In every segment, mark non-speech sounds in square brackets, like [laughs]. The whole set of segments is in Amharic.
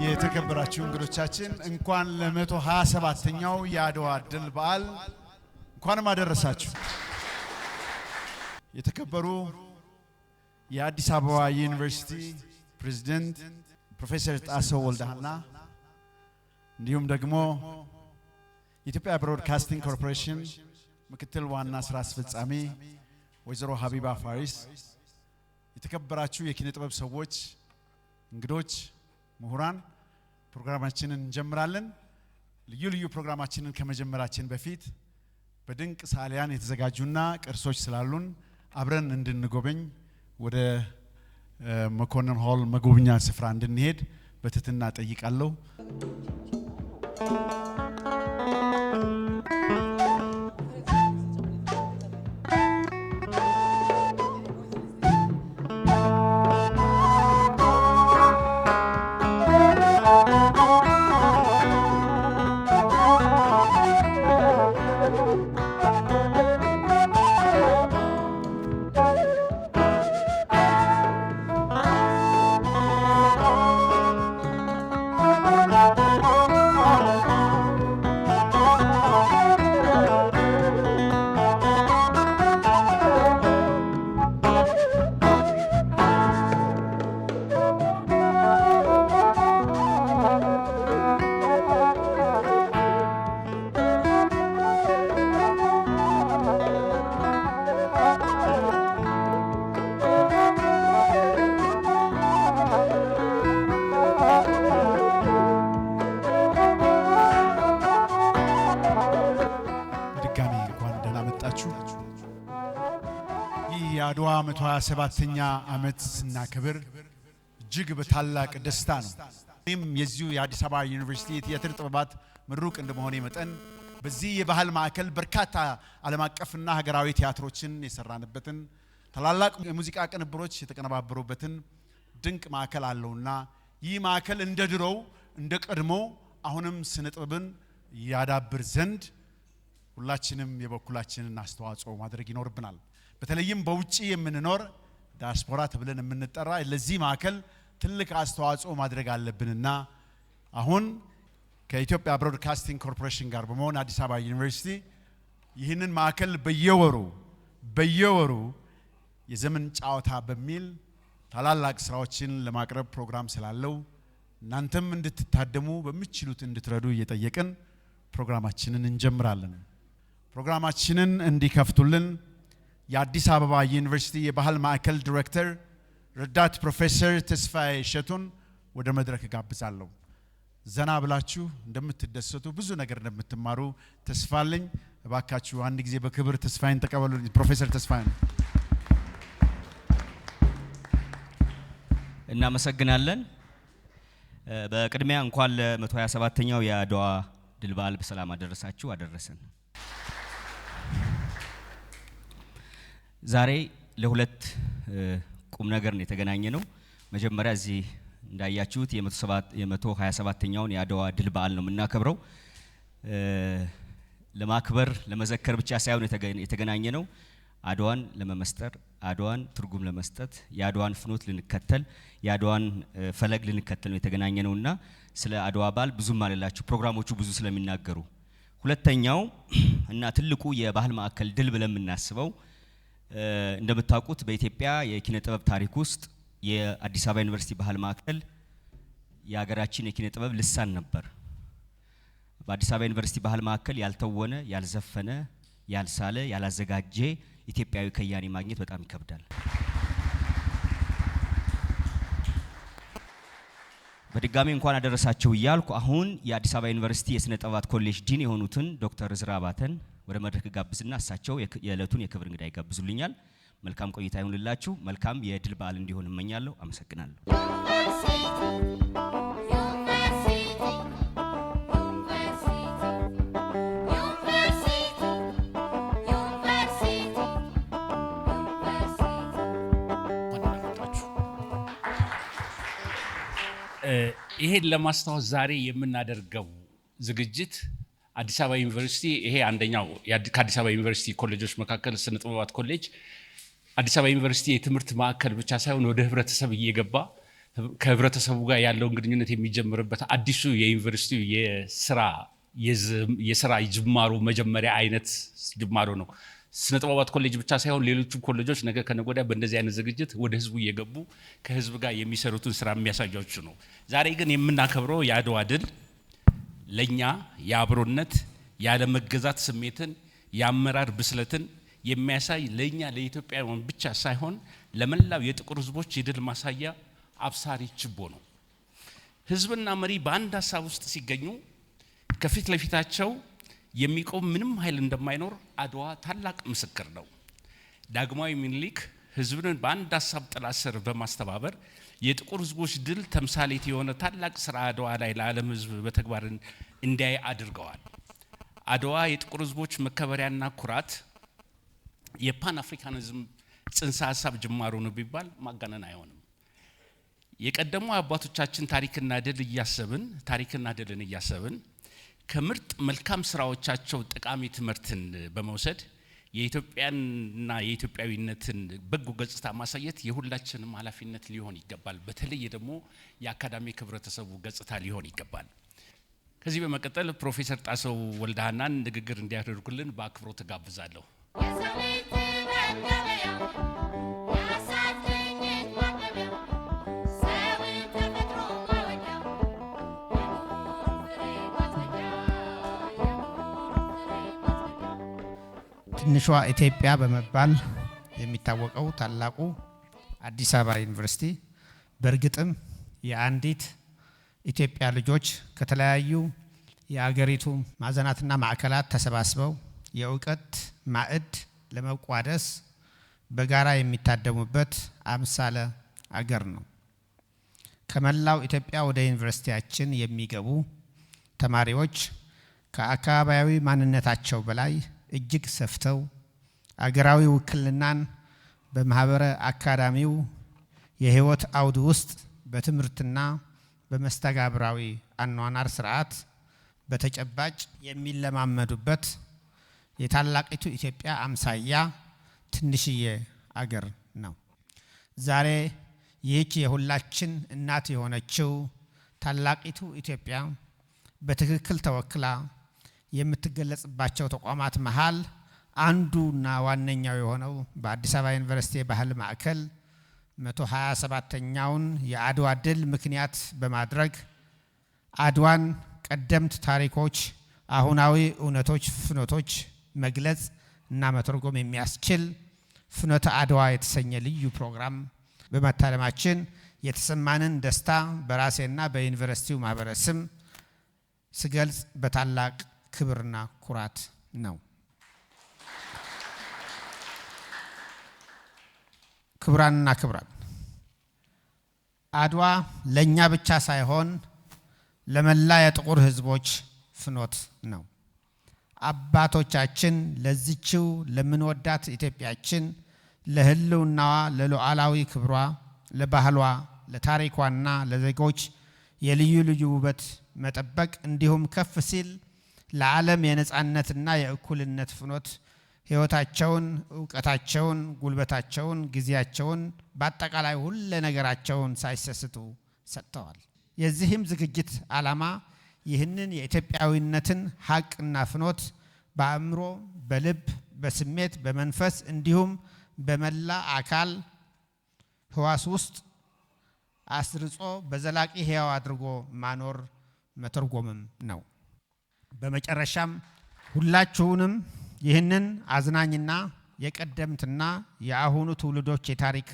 የተከበራችሁ እንግዶቻችን እንኳን ለመቶ ሃያ ሰባተኛው የአድዋ ድል በዓል እንኳንም አደረሳችሁ። የተከበሩ የአዲስ አበባ ዩኒቨርሲቲ ፕሬዚደንት ፕሮፌሰር ጣሰው ወልደሃና እንዲሁም ደግሞ የኢትዮጵያ ብሮድካስቲንግ ኮርፖሬሽን ምክትል ዋና ስራ አስፈጻሚ ወይዘሮ ሀቢባ ፋሪስ፣ የተከበራችሁ የኪነ ጥበብ ሰዎች፣ እንግዶች፣ ምሁራን ፕሮግራማችንን እንጀምራለን። ልዩ ልዩ ፕሮግራማችንን ከመጀመራችን በፊት በድንቅ ሳሊያን የተዘጋጁና ቅርሶች ስላሉን አብረን እንድንጎበኝ ወደ Eh, መኮንን ሆል መጎብኛ ስፍራ እንድንሄድ በትህትና ጠይቃለሁ። 127ኛ ዓመት ስናከብር እጅግ በታላቅ ደስታ ነው። እኔም የዚሁ የአዲስ አበባ ዩኒቨርሲቲ የትያትር ጥበባት ምሩቅ እንደመሆኔ መጠን በዚህ የባህል ማዕከል በርካታ ዓለም አቀፍና ሀገራዊ ቲያትሮችን የሰራንበትን ታላላቅ የሙዚቃ ቅንብሮች የተቀነባበሩበትን ድንቅ ማዕከል አለውና ይህ ማዕከል እንደ ድሮው እንደ ቀድሞ አሁንም ስነ ጥበብን ያዳብር ዘንድ ሁላችንም የበኩላችንን አስተዋጽኦ ማድረግ ይኖርብናል። በተለይም በውጭ የምንኖር ዲያስፖራ ተብለን የምንጠራ ለዚህ ማዕከል ትልቅ አስተዋጽኦ ማድረግ አለብንና አሁን ከኢትዮጵያ ብሮድካስቲንግ ኮርፖሬሽን ጋር በመሆን አዲስ አበባ ዩኒቨርሲቲ ይህንን ማዕከል በየወሩ በየወሩ የዘመን ጨዋታ በሚል ታላላቅ ስራዎችን ለማቅረብ ፕሮግራም ስላለው እናንተም እንድትታደሙ በሚችሉት እንድትረዱ እየጠየቅን ፕሮግራማችንን እንጀምራለን። ፕሮግራማችንን እንዲከፍቱልን የአዲስ አበባ ዩኒቨርሲቲ የባህል ማዕከል ዲሬክተር ረዳት ፕሮፌሰር ተስፋዬ እሸቱን ወደ መድረክ ጋብዛለሁ። ዘና ብላችሁ እንደምትደሰቱ ብዙ ነገር እንደምትማሩ ተስፋ አለኝ። እባካችሁ አንድ ጊዜ በክብር ተስፋዬን ተቀበሉ። ፕሮፌሰር ተስፋዬን እናመሰግናለን። በቅድሚያ እንኳን ለ127ኛው የአድዋ ድል በዓል በሰላም አደረሳችሁ አደረሰን። ዛሬ ለሁለት ቁም ነገር ነው የተገናኘ ነው። መጀመሪያ እዚህ እንዳያችሁት የመቶ ሀያ ሰባተኛውን የአድዋ ድል በዓል ነው የምናከብረው። ለማክበር ለመዘከር ብቻ ሳይሆን የተገናኘ ነው። አድዋን ለመመስጠር አድዋን ትርጉም ለመስጠት የአድዋን ፍኖት ልንከተል የአድዋን ፈለግ ልንከተል ነው የተገናኘ ነው እና ስለ አድዋ በዓል ብዙም አልላችሁ ፕሮግራሞቹ ብዙ ስለሚናገሩ፣ ሁለተኛው እና ትልቁ የባህል ማዕከል ድል ብለን የምናስበው እንደምታውቁት በኢትዮጵያ የኪነ ጥበብ ታሪክ ውስጥ የአዲስ አበባ ዩኒቨርሲቲ ባህል ማዕከል የሀገራችን የኪነ ጥበብ ልሳን ነበር። በአዲስ አበባ ዩኒቨርሲቲ ባህል ማዕከል ያልተወነ፣ ያልዘፈነ፣ ያልሳለ፣ ያላዘጋጀ ኢትዮጵያዊ ከያኔ ማግኘት በጣም ይከብዳል። በድጋሚ እንኳን አደረሳቸው እያልኩ አሁን የአዲስ አበባ ዩኒቨርሲቲ የስነ ጥበባት ኮሌጅ ዲን የሆኑትን ዶክተር እዝራ አባተን ወደ መድረክ ጋብዝና እሳቸው የዕለቱን የክብር እንግዳ ይጋብዙልኛል። መልካም ቆይታ ይሁንላችሁ። መልካም የድል በዓል እንዲሆን እመኛለሁ። አመሰግናለሁ። ይሄን ለማስታወስ ዛሬ የምናደርገው ዝግጅት አዲስ አበባ ዩኒቨርሲቲ ይሄ አንደኛው ከአዲስ አበባ ዩኒቨርሲቲ ኮሌጆች መካከል ስነ ጥበባት ኮሌጅ አዲስ አበባ ዩኒቨርሲቲ የትምህርት ማዕከል ብቻ ሳይሆን ወደ ህብረተሰብ እየገባ ከህብረተሰቡ ጋር ያለውን ግንኙነት የሚጀምርበት አዲሱ የዩኒቨርሲቲ የስራ የስራ ጅማሮ መጀመሪያ አይነት ጅማሮ ነው። ስነ ጥበባት ኮሌጅ ብቻ ሳይሆን ሌሎቹም ኮሌጆች ነገ ከነገ ወዲያ በእንደዚህ አይነት ዝግጅት ወደ ህዝቡ እየገቡ ከህዝብ ጋር የሚሰሩትን ስራ የሚያሳያችሁ ነው። ዛሬ ግን የምናከብረው የአድዋ ድል ለእኛ የአብሮነት ያለመገዛት ስሜትን የአመራር ብስለትን የሚያሳይ ለእኛ ለኢትዮጵያውያን ብቻ ሳይሆን ለመላው የጥቁር ህዝቦች የድል ማሳያ አብሳሪ ችቦ ነው። ህዝብና መሪ በአንድ ሀሳብ ውስጥ ሲገኙ ከፊት ለፊታቸው የሚቆም ምንም ኃይል እንደማይኖር አድዋ ታላቅ ምስክር ነው። ዳግማዊ ምኒልክ ህዝብን በአንድ ሀሳብ ጥላ ስር በማስተባበር የጥቁር ህዝቦች ድል ተምሳሌት የሆነ ታላቅ ስራ አድዋ ላይ ለዓለም ህዝብ በተግባር እንዲያይ አድርገዋል። አድዋ የጥቁር ህዝቦች መከበሪያና ኩራት የፓን አፍሪካኒዝም ጽንሰ ሀሳብ ጅማሮ ነው ቢባል ማጋነን አይሆንም። የቀደሙ አባቶቻችን ታሪክና ድል እያሰብን ታሪክና ድልን እያሰብን ከምርጥ መልካም ስራዎቻቸው ጠቃሚ ትምህርትን በመውሰድ የኢትዮጵያና የኢትዮጵያዊነትን በጎ ገጽታ ማሳየት የሁላችንም ኃላፊነት ሊሆን ይገባል። በተለይ ደግሞ የአካዳሚክ ህብረተሰቡ ገጽታ ሊሆን ይገባል። ከዚህ በመቀጠል ፕሮፌሰር ጣሰው ወልደሃናን ንግግር እንዲያደርጉልን በአክብሮት እጋብዛለሁ። ትንሿ ኢትዮጵያ በመባል የሚታወቀው ታላቁ አዲስ አበባ ዩኒቨርሲቲ በእርግጥም የአንዲት ኢትዮጵያ ልጆች ከተለያዩ የአገሪቱ ማዕዘናትና ማዕከላት ተሰባስበው የእውቀት ማዕድ ለመቋደስ በጋራ የሚታደሙበት አምሳለ አገር ነው። ከመላው ኢትዮጵያ ወደ ዩኒቨርሲቲያችን የሚገቡ ተማሪዎች ከአካባቢያዊ ማንነታቸው በላይ እጅግ ሰፍተው አገራዊ ውክልናን በማህበረ አካዳሚው የህይወት አውድ ውስጥ በትምህርትና በመስተጋብራዊ አኗኗር ስርዓት በተጨባጭ የሚለማመዱበት የታላቂቱ ኢትዮጵያ አምሳያ ትንሽዬ አገር ነው። ዛሬ ይህች የሁላችን እናት የሆነችው ታላቂቱ ኢትዮጵያ በትክክል ተወክላ የምትገለጽባቸው ተቋማት መሃል አንዱና ዋነኛው የሆነው በአዲስ አበባ ዩኒቨርሲቲ የባህል ማዕከል 127ኛውን የአድዋ ድል ምክንያት በማድረግ አድዋን ቀደምት ታሪኮች፣ አሁናዊ እውነቶች፣ ፍኖቶች መግለጽ እና መተርጎም የሚያስችል ፍኖተ አድዋ የተሰኘ ልዩ ፕሮግራም በመታለማችን የተሰማንን ደስታ በራሴና በዩኒቨርሲቲው ማህበረሰብ ስገልጽ በታላቅ ክብርና ኩራት ነው። ክብራን አድዋ ለእኛ ብቻ ሳይሆን ለመላ የጥቁር ሕዝቦች ፍኖት ነው። አባቶቻችን ለዚችው ለምንወዳት ኢትዮጵያችን ለህልውናዋ፣ ለሉዓላዊ ክብሯ፣ ለባህሏ፣ ለታሪኳና ለዜጎች የልዩ ልዩ ውበት መጠበቅ እንዲሁም ከፍ ሲል ለዓለም የነፃነትና የእኩልነት ፍኖት ሕይወታቸውን፣ እውቀታቸውን፣ ጉልበታቸውን፣ ጊዜያቸውን በአጠቃላይ ሁለ ነገራቸውን ሳይሰስቱ ሰጥተዋል። የዚህም ዝግጅት ዓላማ ይህንን የኢትዮጵያዊነትን ሀቅና ፍኖት በአእምሮ፣ በልብ፣ በስሜት፣ በመንፈስ እንዲሁም በመላ አካል ህዋስ ውስጥ አስርጾ በዘላቂ ህያው አድርጎ ማኖር መተርጎምም ነው። በመጨረሻም ሁላችሁንም ይህንን አዝናኝና የቀደምትና የአሁኑ ትውልዶች የታሪክ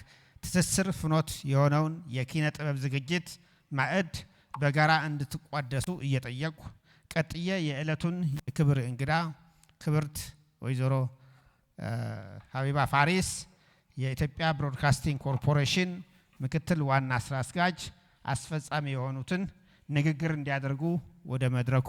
ትስስር ፍኖት የሆነውን የኪነ ጥበብ ዝግጅት ማዕድ በጋራ እንድትቋደሱ እየጠየቁ ቀጥዬ የዕለቱን የክብር እንግዳ ክብርት ወይዘሮ ሀቢባ ፋሪስ የኢትዮጵያ ብሮድካስቲንግ ኮርፖሬሽን ምክትል ዋና ስራ አስጋጅ አስፈጻሚ የሆኑትን ንግግር እንዲያደርጉ ወደ መድረኩ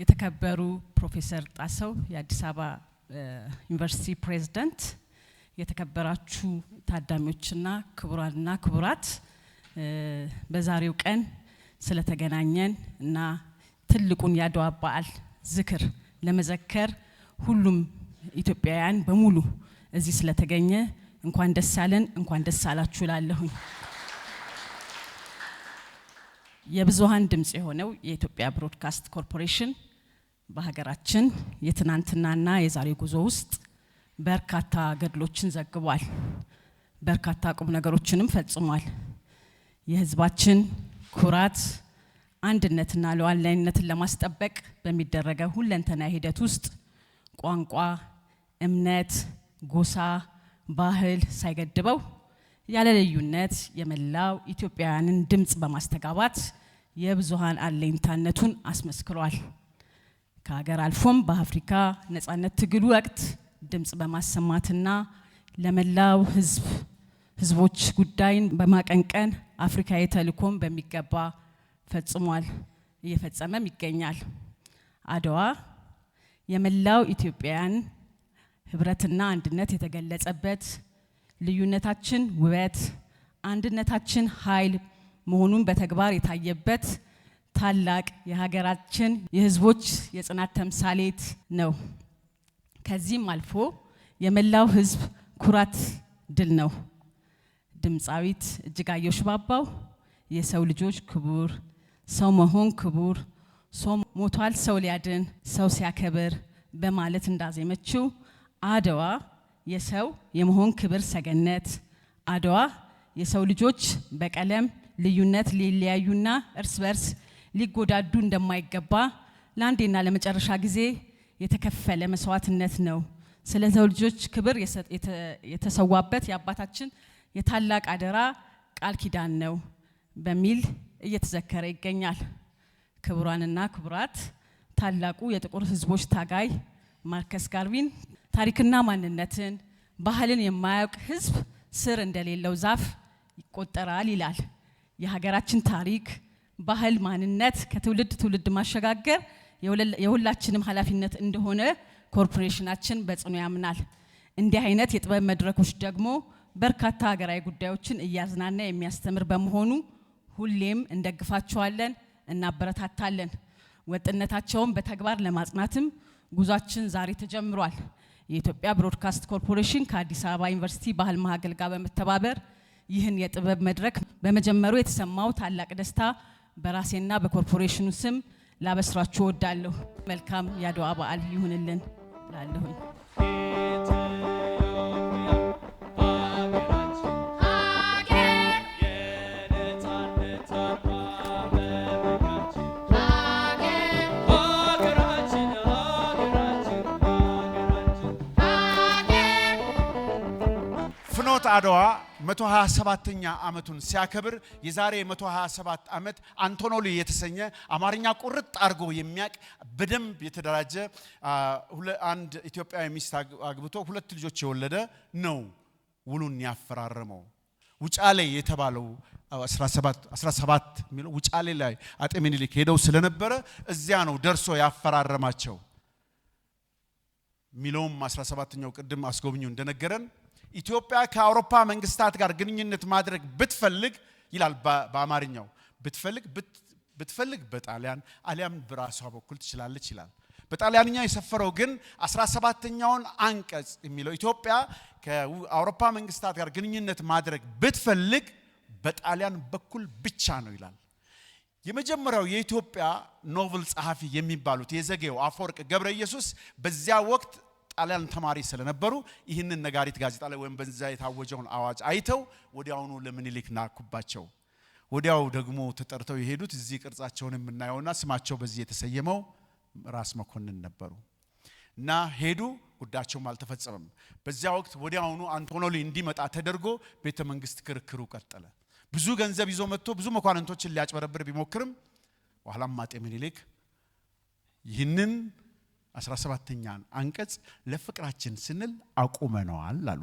የተከበሩ ፕሮፌሰር ጣሰው የአዲስ አበባ ዩኒቨርሲቲ ፕሬዝዳንት፣ የተከበራችሁ ታዳሚዎችና ክቡራንና ክቡራት በዛሬው ቀን ስለተገናኘን እና ትልቁን የአድዋ በዓል ዝክር ለመዘከር ሁሉም ኢትዮጵያውያን በሙሉ እዚህ ስለተገኘ እንኳን ደስ ያለን እንኳን ደስ አላችሁ ላለሁኝ የብዙሀን ድምፅ የሆነው የኢትዮጵያ ብሮድካስት ኮርፖሬሽን በሀገራችን የትናንትናና የዛሬ ጉዞ ውስጥ በርካታ ገድሎችን ዘግቧል። በርካታ ቁም ነገሮችንም ፈጽሟል። የህዝባችን ኩራት አንድነትና ሉዓላዊነትን ለማስጠበቅ በሚደረገው ሁለንተና ሂደት ውስጥ ቋንቋ፣ እምነት፣ ጎሳ፣ ባህል ሳይገድበው ያለ ልዩነት የመላው ኢትዮጵያውያንን ድምፅ በማስተጋባት የብዙሀን አለኝታነቱን አስመስክሯል። ከሀገር አልፎም በአፍሪካ ነጻነት ትግል ወቅት ድምፅ በማሰማትና ለመላው ህዝብ ህዝቦች ጉዳይን በማቀንቀን አፍሪካ የተልእኮን በሚገባ ፈጽሟል፣ እየፈጸመም ይገኛል። አድዋ የመላው ኢትዮጵያውያን ህብረትና አንድነት የተገለጸበት ልዩነታችን ውበት፣ አንድነታችን ኃይል መሆኑን በተግባር የታየበት ታላቅ የሀገራችን የህዝቦች የጽናት ተምሳሌት ነው። ከዚህም አልፎ የመላው ህዝብ ኩራት ድል ነው። ድምፃዊት እጅጋየሁ ሽባባው የሰው ልጆች ክቡር፣ ሰው መሆን ክቡር፣ ሰው ሞቷል ሰው ሊያድን ሰው ሲያከብር በማለት እንዳዜመችው አድዋ የሰው የመሆን ክብር ሰገነት፣ አድዋ የሰው ልጆች በቀለም ልዩነት ሊለያዩና እርስ በርስ ሊጎዳዱ እንደማይገባ ለአንዴና ለመጨረሻ ጊዜ የተከፈለ መስዋዕትነት ነው። ስለ ሰው ልጆች ክብር የተሰዋበት የአባታችን የታላቅ አደራ ቃል ኪዳን ነው በሚል እየተዘከረ ይገኛል። ክቡራንና ክቡራት፣ ታላቁ የጥቁር ሕዝቦች ታጋይ ማርከስ ጋርቪን ታሪክና ማንነትን ባህልን የማያውቅ ሕዝብ ስር እንደሌለው ዛፍ ይቆጠራል ይላል። የሀገራችን ታሪክ ባህል ማንነት ከትውልድ ትውልድ ማሸጋገር የሁላችንም ኃላፊነት እንደሆነ ኮርፖሬሽናችን በጽኑ ያምናል። እንዲህ አይነት የጥበብ መድረኮች ደግሞ በርካታ ሀገራዊ ጉዳዮችን እያዝናና የሚያስተምር በመሆኑ ሁሌም እንደግፋቸዋለን፣ እናበረታታለን። ወጥነታቸውን በተግባር ለማጽናትም ጉዟችን ዛሬ ተጀምሯል። የኢትዮጵያ ብሮድካስት ኮርፖሬሽን ከአዲስ አበባ ዩኒቨርሲቲ ባህል ማዕከል ጋር በመተባበር ይህን የጥበብ መድረክ በመጀመሩ የተሰማው ታላቅ ደስታ በራሴና በኮርፖሬሽኑ ስም ላበስራችሁ እወዳለሁ። መልካም የአድዋ በዓል ይሁንልን ላለሁኝ ፍኖት አድዋ 127ኛ ዓመቱን ሲያከብር የዛሬ 127 ዓመት አንቶኖሊ የተሰኘ አማርኛ ቁርጥ አድርጎ የሚያቅ በደንብ የተደራጀ አንድ ኢትዮጵያዊ ሚስት አግብቶ ሁለት ልጆች የወለደ ነው ውሉን ያፈራረመው። ውጫሌ የተባለው 17 የሚለው ውጫሌ ላይ አጤ ምኒልክ ሄደው ስለነበረ እዚያ ነው ደርሶ ያፈራረማቸው የሚለውም 17ኛው ቅድም አስጎብኙ እንደነገረን ኢትዮጵያ ከአውሮፓ መንግስታት ጋር ግንኙነት ማድረግ ብትፈልግ ይላል በአማርኛው ብትፈልግ ብትፈልግ በጣሊያን አሊያም በራሷ በኩል ትችላለች ይላል። በጣሊያንኛ የሰፈረው ግን 17ተኛውን አንቀጽ የሚለው ኢትዮጵያ ከአውሮፓ መንግስታት ጋር ግንኙነት ማድረግ ብትፈልግ በጣሊያን በኩል ብቻ ነው ይላል። የመጀመሪያው የኢትዮጵያ ኖቭል ጸሐፊ የሚባሉት የዘጌው አፈወርቅ ገብረ ኢየሱስ በዚያ ወቅት ጣሊያን ተማሪ ስለነበሩ ይህንን ነጋሪት ጋዜጣ ላይ ወይም በዛ የታወጀውን አዋጅ አይተው ወዲያውኑ ለምኒልክ ናኩባቸው። ወዲያው ደግሞ ተጠርተው የሄዱት እዚህ ቅርጻቸውን የምናየውና ስማቸው በዚህ የተሰየመው ራስ መኮንን ነበሩ እና ሄዱ። ጉዳያቸውም አልተፈጸመም። በዚያ ወቅት ወዲያውኑ አንቶኖሊ እንዲመጣ ተደርጎ ቤተ መንግስት ክርክሩ ቀጠለ። ብዙ ገንዘብ ይዞ መጥቶ ብዙ መኳንንቶችን ሊያጭበረብር ቢሞክርም በኋላም አጤ ምኒልክ ይህንን 17ኛን አንቀጽ ለፍቅራችን ስንል አቁመነዋል አሉ።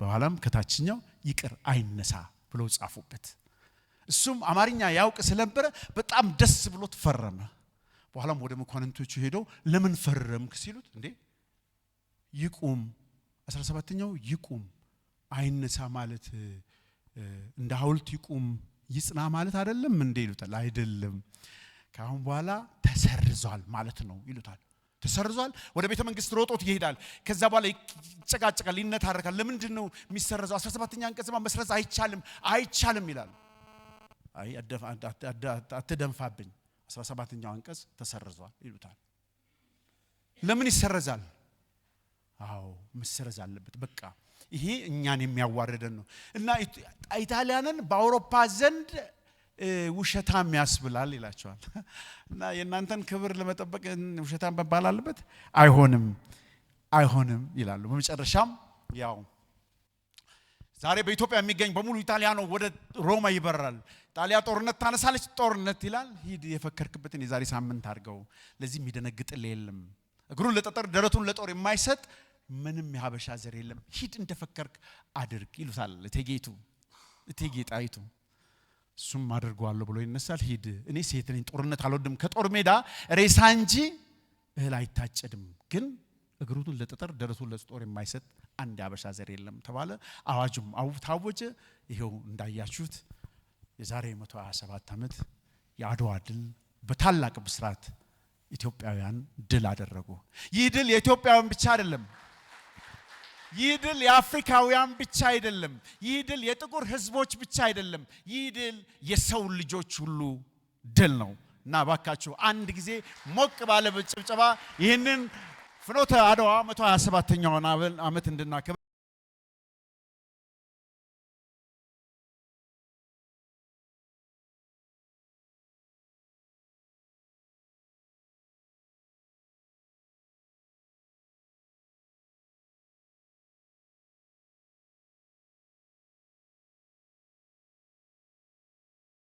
በኋላም ከታችኛው ይቅር አይነሳ ብለው ጻፉበት። እሱም አማርኛ ያውቅ ስለነበረ በጣም ደስ ብሎት ፈረመ። በኋላም ወደ መኳንንቶቹ ሄደው ለምን ፈረምክ ሲሉት እንዴ ይቁም አስራ ኛው ይቁም አይነሳ ማለት እንደ ሐውልት ይቁም ይጽና ማለት አይደለም እንዴ ይሉታል። አይደለም ከአሁን በኋላ ተሰርዟል ማለት ነው ይሉታል። ተሰርዟል። ወደ ቤተ መንግስት ሮጦት ይሄዳል። ከዛ በኋላ ይጨቃጨቃል፣ ይነታረካል። ለምንድን ነው የሚሰረዘው? 17ኛ አንቀጽማ መስረዝ አይቻልም አይቻልም ይላል። አይ አትደንፋብኝ፣ 17ኛው አንቀጽ ተሰርዟል ይሉታል። ለምን ይሰረዛል? አዎ መሰረዝ አለበት። በቃ ይሄ እኛን የሚያዋርደን ነው እና ኢጣሊያንን በአውሮፓ ዘንድ ውሸታም ያስብላል ይላቸዋል። [laughs] እና የእናንተን ክብር ለመጠበቅ ውሸታም መባል አለበት? አይሆንም አይሆንም ይላሉ። በመጨረሻም ያው ዛሬ በኢትዮጵያ የሚገኝ በሙሉ ኢጣሊያኖ ነው፣ ወደ ሮማ ይበራል። ጣሊያ ጦርነት ታነሳለች፣ ጦርነት ይላል። ሂድ የፈከርክበትን የዛሬ ሳምንት አድርገው። ለዚህ የሚደነግጥል የለም። እግሩን ለጠጠር ደረቱን ለጦር የማይሰጥ ምንም የሀበሻ ዘር የለም። ሂድ እንደፈከርክ አድርግ ይሉታል እቴጌቱ እቴጌ እሱም አድርገዋለሁ ብሎ ይነሳል። ሂድ እኔ ሴት ነኝ፣ ጦርነት አልወድም። ከጦር ሜዳ ሬሳ እንጂ እህል አይታጨድም። ግን እግሩን ለጠጠር ደረቱን ለጦር የማይሰጥ አንድ አበሻ ዘር የለም ተባለ። አዋጁም ታወጀ። ይኸው እንዳያችሁት የዛሬ 127 ዓመት የአድዋ ድል በታላቅ ብስራት ኢትዮጵያውያን ድል አደረጉ። ይህ ድል የኢትዮጵያውያን ብቻ አይደለም። ይህ ድል የአፍሪካውያን ብቻ አይደለም። ይህ ድል የጥቁር ህዝቦች ብቻ አይደለም። ይህ ድል የሰው ልጆች ሁሉ ድል ነው እና ባካችሁ አንድ ጊዜ ሞቅ ባለ ጭብጨባ ይህንን ፍኖተ አድዋ 127ኛውን ዓመት እንድናከብር